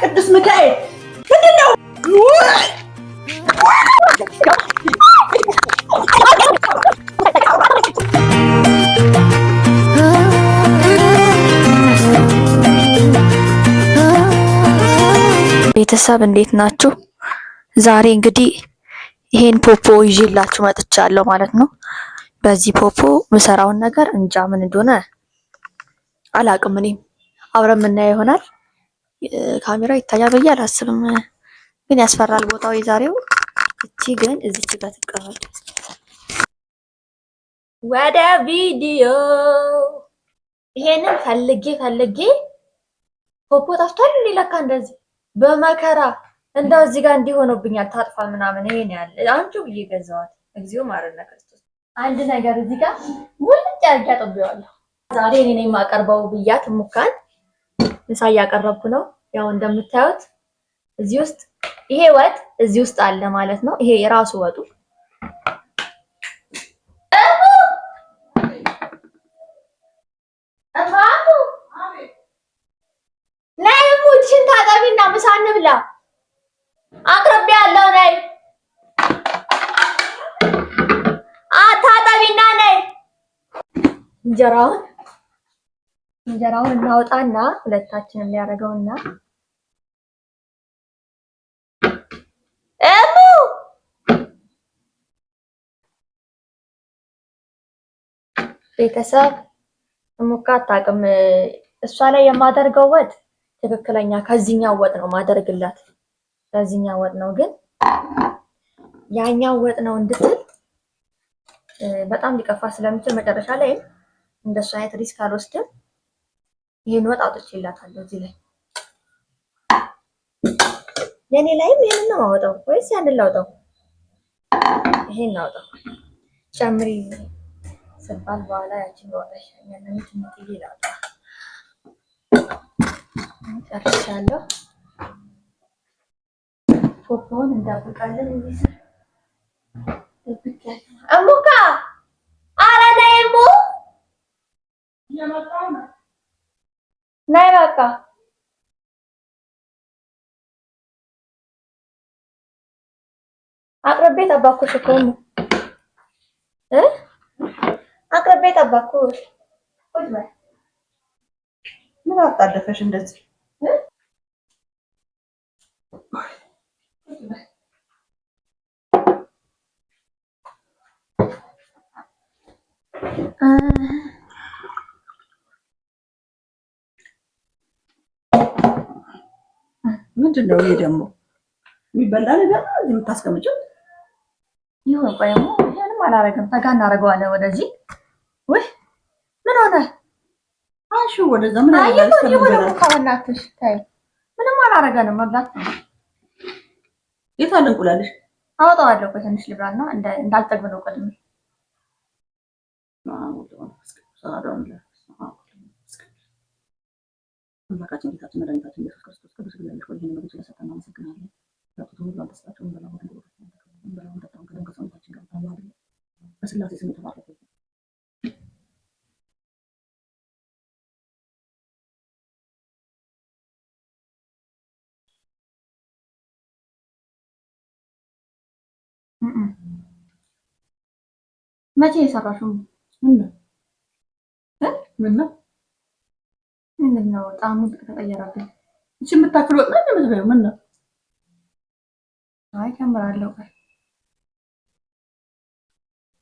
ቅዱስ ሚካኤል ምንድን ነው? ቤተሰብ እንዴት ናችሁ? ዛሬ እንግዲህ ይሄን ፖፖ ይዤላችሁ መጥቻለሁ ማለት ነው። በዚህ ፖፖ ምሰራውን ነገር እንጃ ምን እንደሆነ አላቅም። እኔም አብረን የምናየው ይሆናል። ካሜራው ይታያል ብዬ አላስብም፣ ግን ያስፈራል ቦታው የዛሬው። እቺ ግን እዚች ጋር ትቀመጥ። ወደ ቪዲዮ ይሄንን ፈልጌ ፈልጌ ፖፖ ጠፍቷል ሊለካ እንደዚህ በመከራ እንደው እዚህ ጋር እንዲሆነብኛል። ታጥፋ ምናምን ይሄን ያለ አንቺ ብዬ ገዛዋት እግዚኦ ማረነ አንድ ነገር እዚህ ጋር ሙልጭ አድርጌ አጥቤዋለሁ። ዛሬ እኔ ነኝ የማቀርበው ብያት ሙካን ምሳ እያቀረብኩ ነው። ያው እንደምታዩት እዚህ ውስጥ ይሄ ወጥ እዚህ ውስጥ አለ ማለት ነው። ይሄ የራሱ ወጡ እንጀራውን እንጀራውን እናወጣና ሁለታችንም ሊያደርገውና እሙ ቤተሰብ እሙካ አታውቅም። እሷ ላይ የማደርገው ወጥ ትክክለኛ ከዚህኛው ወጥ ነው ማደርግላት ከዚህኛው ወጥ ነው ግን ያኛው ወጥ ነው እንድትል በጣም ሊቀፋ ስለምችል መጨረሻ ላይ እንደሱ አይነት ሪስክ አልወስድም። ይህን ወጥ አውጥቼ ይላታለሁ። እዚህ ላይ ለእኔ ላይም ይህን ነው ማወጣው ወይስ ያንን ላውጣው? ይሄን ላውጣው ጨምሪ ስባል በኋላ ያችን ላውጣሽ ያንን ላውጣ ጨርሻለሁ። ፖፖን እንዳብቃለን እዚህ እብቃለን አሙካ አራዳይሞ ናይ በቃ አቅርቤ ጠባኩሽ እኮ እ አቅርቤ ጠባኩሽ። ምን አጣደፈሽ እንደዚህ? ምንድን ነው ይሄ ደግሞ? የሚበላ ነገር የምታስቀምጪው? ይሁን ቆይ፣ ይሄንም አላረግም። እናደርገዋለን ወደዚህ። ወይ ምን ሆነ? አንሺ ወደዛ። ምን አላረጋሽ? ታይ ምንም አላረገንም። መብላት ነው። የት አለ እንቁላልሽ? አወጣዋለሁ። ቆይ ትንሽ ልብላና እንዳልጠግብ ነው ቀድሜ አምላካችን ጌታችን መድኃኒታችን ኢየሱስ ክርስቶስ ቅዱስ እግዚአብሔር ሆይ ይህን ምግብ ስለሰጠን እናመሰግናለን። ጠጡት ሁሉ አንተስጣቸው እንበላው እንበላው እንጠጣውን ከደም ከሰውነታችን ጋር ታማድ በስላሴ ስም የተባረከ መቼ የሰራሽው ምን ነው? ምን ነው? ምንድን ነው ጣሙ ተቀየረብኝ። እቺ የምታክል ወጥ ነው የምትበይው? ምን ነው? አይ ከምራለሁ።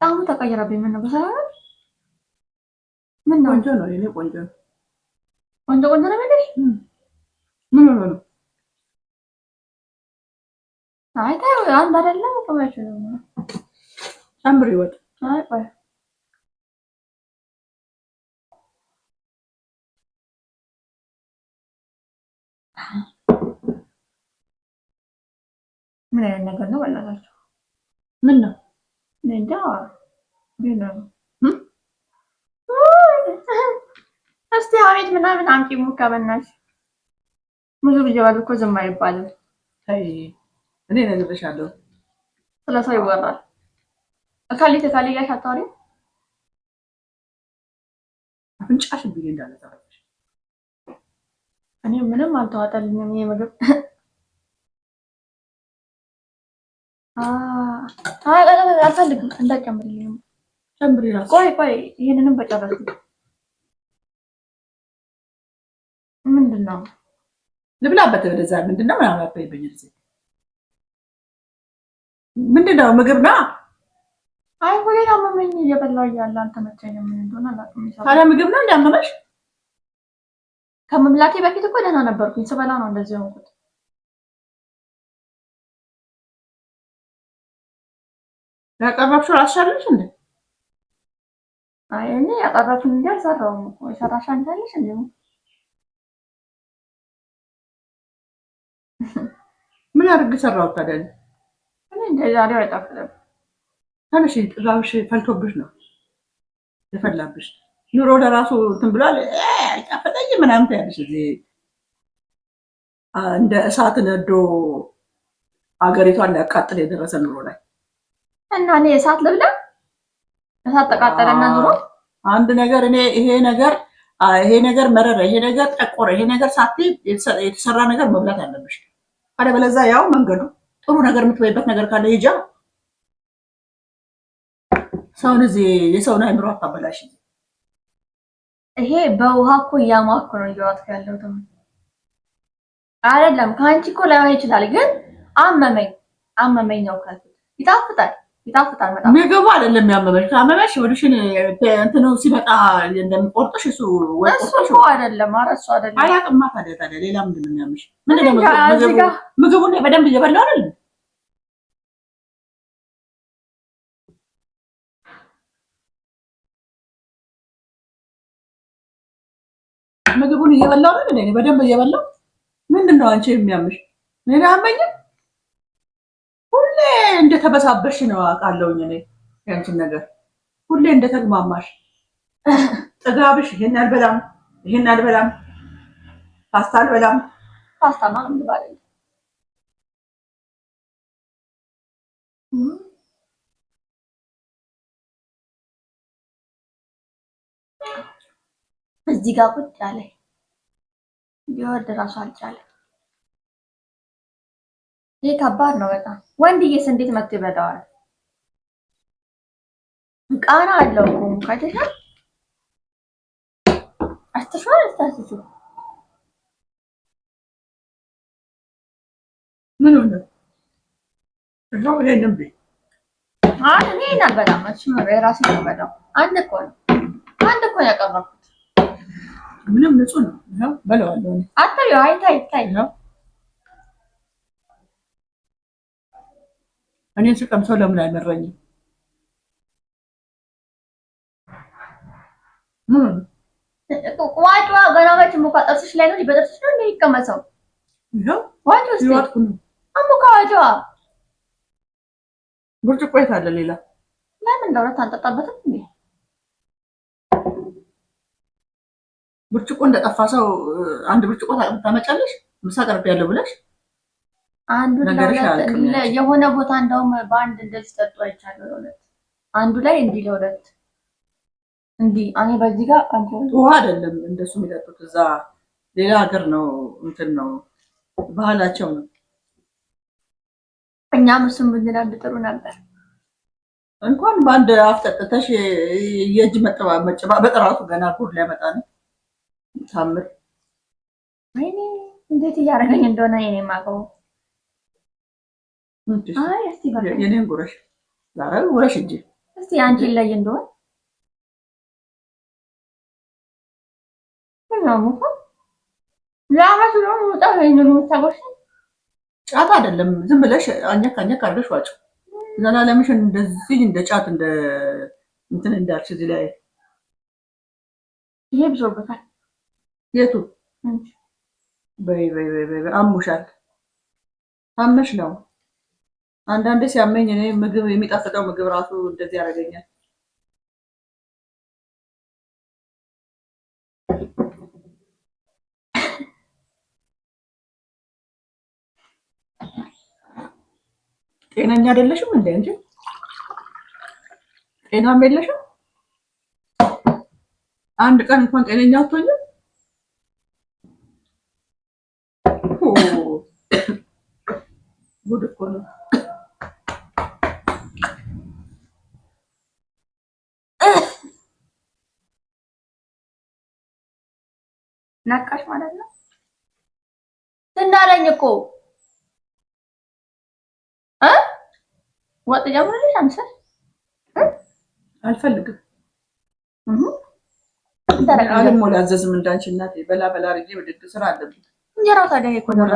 ጣሙ ተቀየረብኝ። ምን ነው? በሰላም ምን ነው? ቆንጆ ነው። ቆንጆ ቆንጆ ቆንጆ ነው። ምን ሆኖ ነው? አይ ታው አንድ አይደለም። ቆማችሁ ነው። አምሪ ወጥ አይ ቆይ ምን አይነት ነገር ነው? በእናታችሁ ምን ነው? እንጃ እስቲ አቤት ምናምን አምጪ ሙካ በእናትሽ ብዙ ልጅ ባል እኮ ዝም አይባልም። እኔ እነግርሻለሁ ስለ ሰው ይወራል። እካሌት እካሌ እያልሽ አታወሪም። አፍንጫሽ ብዬ እንዳለ እኔ ምንም አልተዋጠልኝም። ይሄ ምግብ አልፈልግም፣ እንዳጨምርልኝ ጨምሪ። ቆይ ቆይ፣ ይሄንንም በጨረስኩ ምንድን ነው ልብላበት? ወደዛ ምንድን ነው ምናምን አባይበኝ ምንድን ነው ምግብ ና አይ፣ ሆዴን አመመኝ እየበላሁ እያለ አልተመቸኝም። ምን እንደሆነ አላውቅም። ታዲያ ምግብ ነው እንዳመመሽ? ከመምላኬ በፊት እኮ ደህና ነበርኩኝ። ስበላ ነው እንደዚህ ሆንኩት። ያቀረብሽው ራስሻለሽ እንደ አይ እኔ ያቀረብኩኝ እንጂ አልሰራሁም እኮ የሰራሽ አንቺ አለሽ እንዴ? ምን አድርግ ሰራው ታዲያ? እኔ እንደ ዛሬው አይጣፍጥም። ትንሽ ጥዛብሽ ፈልቶብሽ ነው የፈላብሽ ኑሮ ለራሱ እንትን ብሏል ጣፈጠኝ ምናምን ትያለሽ። እዚህ እንደ እሳት ነዶ አገሪቷን ሊያቃጥል የደረሰ ኑሮ ላይ እና እኔ እሳት ልብላ እሳት ተቃጠለና ኑሮ አንድ ነገር እኔ ይሄ ነገር ይሄ ነገር መረረ፣ ይሄ ነገር ጠቆረ፣ ይሄ ነገር ሳት የተሰራ ነገር መብላት አለብሽ። አለበለዚያ ያው መንገዱ ጥሩ ነገር የምትበይበት ነገር ካለ ይጃ ሰውን እዚህ የሰውን አይምሮ አታበላሽ። ይሄ በውሃ እኮ እያማኩ ነው እየዋጥኩ ያለሁት አይደለም። ከአንቺ እኮ ላይሆን ይችላል፣ ግን አመመኝ አመመኝ ነው ካልኩት ይጣፍጣል ይጣፍጣል። መጣ ምግቡ አይደለም ያመመሽ። አመመሽ ወዱሽን እንትኑ ሲመጣ እንደምቆርጥሽ እሱ ወጥቶሽ እሱ አይደለም። ኧረ እሱ አይደለም። አይ አቅማት አይደለም። ሌላ ምንድን ነው የሚያምሽ? ምንድን ነው ምግቡ? ምግቡን በደንብ እየበላሁ አይደለም አሁን እየበላው ነው እንዴ? በደንብ እየበላው ምንድን ነው አንቺ የሚያምሽ? እኔ አመኝም ሁሌ እንደተበሳበሽ ነው አውቃለሁኝ። እኔ ያንቺን ነገር ሁሌ እንደተግማማሽ ጥጋብሽ፣ ይሄን አልበላም፣ ይሄን አልበላም፣ ፓስታ አልበላም። ፓስታ ማለት ምን ማለት ነው? እዚህ ጋር ቁጭ አለኝ ሊወድ ራሱ አልቻለ። ይህ ከባድ ነው በጣም ወንድዬስ፣ እንዴት መጥቶ ይበላዋል? ቃና አለው እኮ ካይተሻ አስተሻል አስተሳስሱ ምን ነው እዛው ላይ ነው አይ እኔ አማች እሱ የራሴ ነው በላው። አንድ እኮ ነው አንድ እኮ ነው ያቀረብኩት ምንም ንጹህ ነው። ይኸው በለዋለሁ። አታዩ አይታ ይታይ ነው። እኔ ስቀምሰው ለምን አይመረኝም? ዋጭዋ ገና መች ሙካ ጥርስሽ ላይ ነው። በጥርስሽ ነው የሚቀመሰው። ይኸው ዋጭ ውስጥ አሙካ ዋጭዋ ብርጭቆ የት አለ? ሌላ ለምን እንደሆነ አንጠጣበትም እንዴ ብርጭቆ እንደጠፋ ሰው አንድ ብርጭቆ ታመጫለሽ፣ ምሳ ቀርብ ያለው ብለሽ አንዱ የሆነ ቦታ እንደውም በአንድ እንደዚህ ጠጡ አይቻለሁ። ለሁለት አንዱ ላይ እንዲህ ለሁለት እንዲህ እኔ በዚህ ጋር ውሃ አይደለም እንደሱ የሚጠጡት እዛ ሌላ ሀገር ነው፣ እንትን ነው ባህላቸው ነው። እኛም እሱም ብንላንድ ጥሩ ነበር። እንኳን በአንድ አፍ ጠጥተሽ የእጅ መጨባበጥ ራሱ ገና ጉድ ሊያመጣ ነው። ታምር አይኔ እንዴት እያደረገኝ እንደሆነ እኔ ማቀው የኔን ጉረሽ ዛሬ ጉረሽ እንጂ እስቲ አንቺ ላይ እንደሆን ምናምን እኮ ለአመቱ ነው የምወጣው። ይሄንን የምታጎሽ ጫት አይደለም፣ ዝም ብለሽ አኘክ አኘክ አድርገሽ ዋጭ። ዘላለምሽን እንደዚህ እንደ ጫት እንደ እንትን እንዳልሽ እዚህ ላይ ይሄ ብዙ በታል የቱ በይ በይ በይ አሙሻል አመሽ ነው። አንዳንዴ ሲያመኝ እኔ ምግብ የሚጣፍጠው ምግብ ራሱ እንደዚህ ያደርገኛል። ጤነኛ አይደለሽም እንዴ? እንጂ ጤናም የለሽም። አንድ ቀን እንኳን ጤነኛ አትሆኝም። ጉድ እኮ ነው። ነቃሽ ማለት ነው። ትናለኝ እኮ እ ወጥ ጀምርልሽ አንሰል አልፈልግም። አሁን ሞላ አዘዝም እንዳንቺ እናቴ በላ በላ አድርጌ ወደ ስራ አለብኝ። እንጀራ ታዲያ እኮ ነው።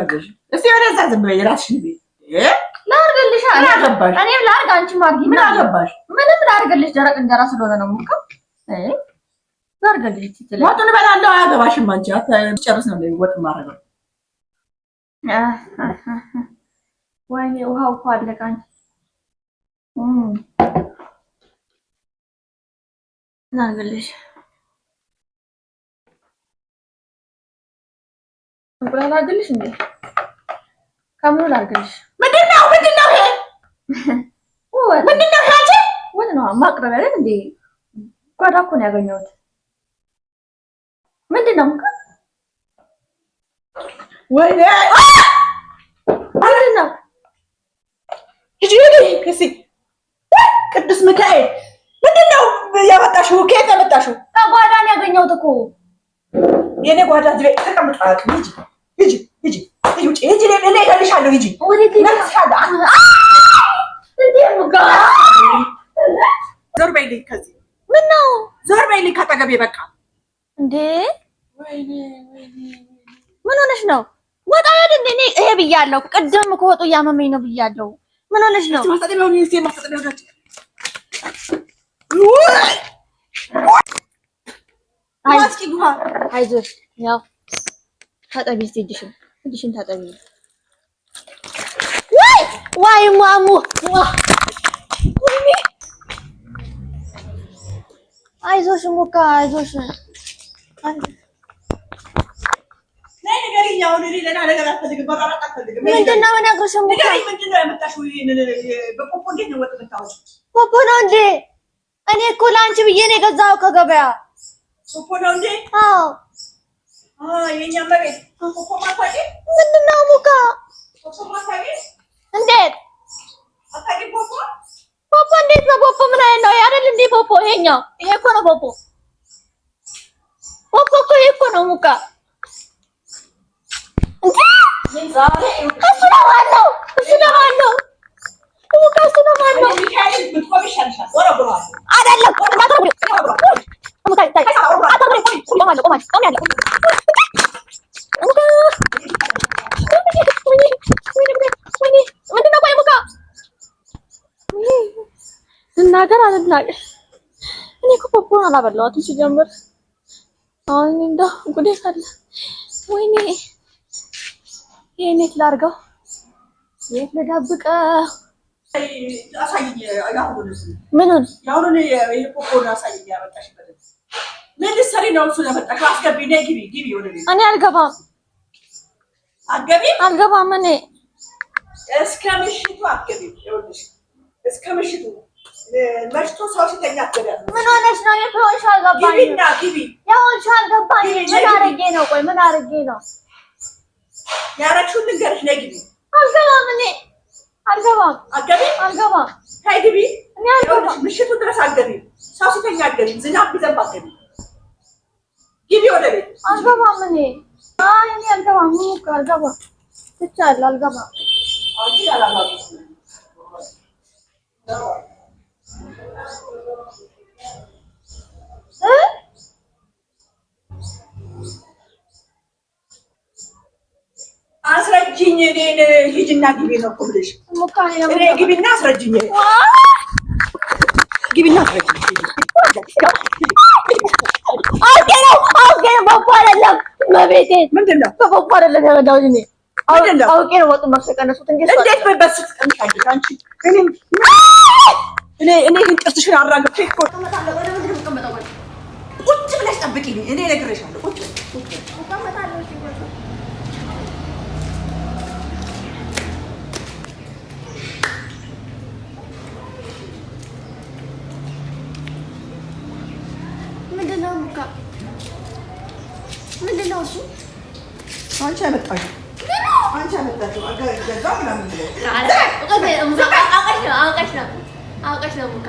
እስቲ ወደ እዛ ዝም በይ እራስሽን ቤት ላርግልሽ። ምን እኔም ላርግ፣ አንቺ ማርጊ። ምን አገባሽ? ምንም ላርግልሽ። ደረቅ እንጀራ ስለሆነ ነው ሙቀው ላርግልሽ። ትችላለሽ። ወጡን እበላለሁ። አያገባሽም። አንቺ አትጨርስ ነው ወጥ ማረገው። ወይኔ ውሃው እኮ አለቀ። አንቺ ላርግልሽ። እንቁላል ላርግልሽ እንዴ? ከምኑ ላድርግልሽ? ምንድን ነው ምንድን ነው ይሄ ምንድን ነው? ያቺ ወጥ ነው ማቅረቢያ አይደል እንዴ? ጓዳ እኮ ነው ያገኘሁት። ምንድን ነው ወይ ምንድን ነው? ቅዱስ ሚካኤል ምንድን ነው ያመጣሽው? ከየት ያመጣሽው? ከጓዳ ነው ያገኘሁት እኮ የእኔ ጓዳ እዚህ ላይ ተቀምጧል። ሂጂ ሂጂ ሂጂ ሂጂ እኔ እገልሻለሁ። ሂጂ ዞር በይልኝ ከዚህ። ነው ዞር በይልኝ ከአጠገቤ። በቃ እንዴ ምን ሆነሽ ነው? ወጣ ሄድ እንደ እኔ ይሄ ብያለሁ። ቅድም ከወጡ እያመመኝ ነው ብያለሁ። ምን ሆነሽ ነው? አይዞሽ ነው Tata bizi düşün. Düşün tata bizi. Vay! Vay mamu! Ay Zoşu Muka, ay Zoşu. ምንድን ነው እነግርሽ? ፖፖ ነው እንዴ? እኔ እኮ ለአንቺ ብዬ ነው የገዛኸው ከገበያ። ፖፖ ነው እንዴ? አዎ ምንድን ነው ሙካ? እንዴት ፖፖ እንዴት ነው ፖፖ? ምን አይነት ነው አይደል? እንደ ፖፖ ይሄኛው ይሄ እኮ ነው ፖፖ። ፖፖ እኮ ይሄ እኮ ነው ሙካ። እሱ ነው ማነው? እሱ ነው ማነው? ሙካ እሱ ነው ማነው? አላበላኋትም ሲጀምር። አሁን እንደ ጉዴት አለ። ወይኔ የኔት ላርገው፣ የት ልደብቀው? ምኑን እኔ አልገባም አልገባም እኔ እስከ ምሽቱ መሽቶ ሰው ሲተኛ ምን ሆነሽ ነው? የት ሆንሽ ግቢና ግቢ የሆንሽ አልገባኝም። ምን አድርጌ ነው? ቆይ ምን አድርጌ ነው ያረግሽውን ንገርሽ። ነይ ግቢ። አልገባም እኔ አልገባም። አትገቢም? አልገባም። ተይ ግቢ። እኔ አልገባም። ምሽቱን ድረስ አትገቢም። ሰው ሲተኛ አትገቢም። ዝናብ ቢዘንብ አትገቢም። ግቢ ወደ ቤት። አልገባም እኔ አይ እኔ አልገባም። ሙክ አልገባም። ትቻለሁ። አልገባም። አንቺ አላማግስም አስረጅኝ እኔን ሂጂና ግቢ ነው እኮ ብለሽ እኔ ግቢና አስረጅኝ ግቢና አውቄ ነው አውቄ ነው አይደለም መቤቴ ምንድን ነው በቦ አይደለም የረዳሁት እኔ አውቄ ነው ወጡን መብሰ ቀነሱት እንዴት በበስት ቀምሻለሽ አንቺ እኔ እኔ ግን ጥርስሽን አራግፌ እኮ ቁጭ ብለሽ ጠብቂኝ እኔ እነግርሻለሁ ቁጭ ምንድነው? ቡካ ምንድነው? እሱ አንቺ ያመጣሽው አንቺ ያመጣሽው ገዛ ምናምን አውቀሽ ነው ቡካ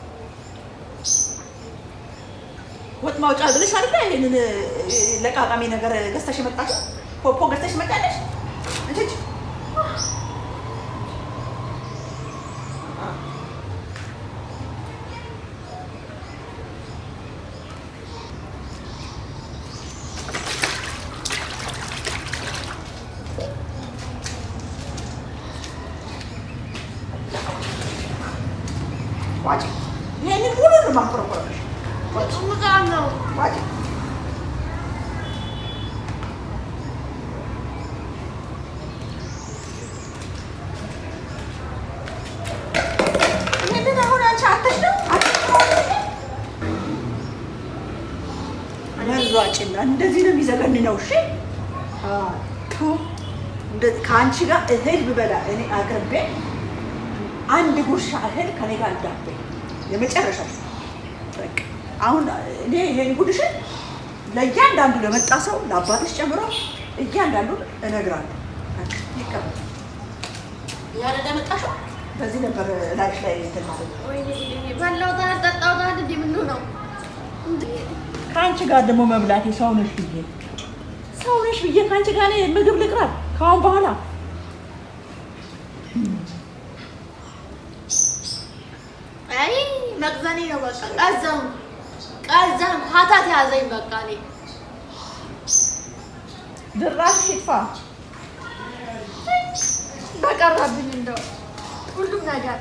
ማውጫ ብለሽ አይደለ ይሄንን ለቃቃሚ ነገር ገዝተሽ መጣሽ። ፖፖ ገዝተሽ መጣለሽ ተሯጭና እንደዚህ ነው የሚዘገንነው። እሺ ከአንቺ ጋር እህል ብበላ እኔ አቅርቤ አንድ ጉርሻ እህል ከኔ ጋር አልዳቤ የመጨረሻ አሁን እኔ ይሄን ጉድሽን ለእያንዳንዱ ለመጣ ሰው ለአባትሽ ጨምሮ እያንዳንዱ እነግራለሁ። ይቀበል ያለ ለመጣ በዚህ ነበር ላይፍ ላይ ትማለ ባለው ጠጣው ከአንቺ ጋር ደግሞ መብላት ሰው ነሽ ብዬ ሰው ነሽ ብዬ ከአንቺ ጋር እኔ ምግብ ልቅራት ከአሁን በኋላ አይ መቅዘኔ ነው በቃ ቀዘም ቀዘም ሀታት ያዘኝ በቃ እኔ ድራሽ ሽፋ በቀረብኝ እንደው ሁሉም ነገር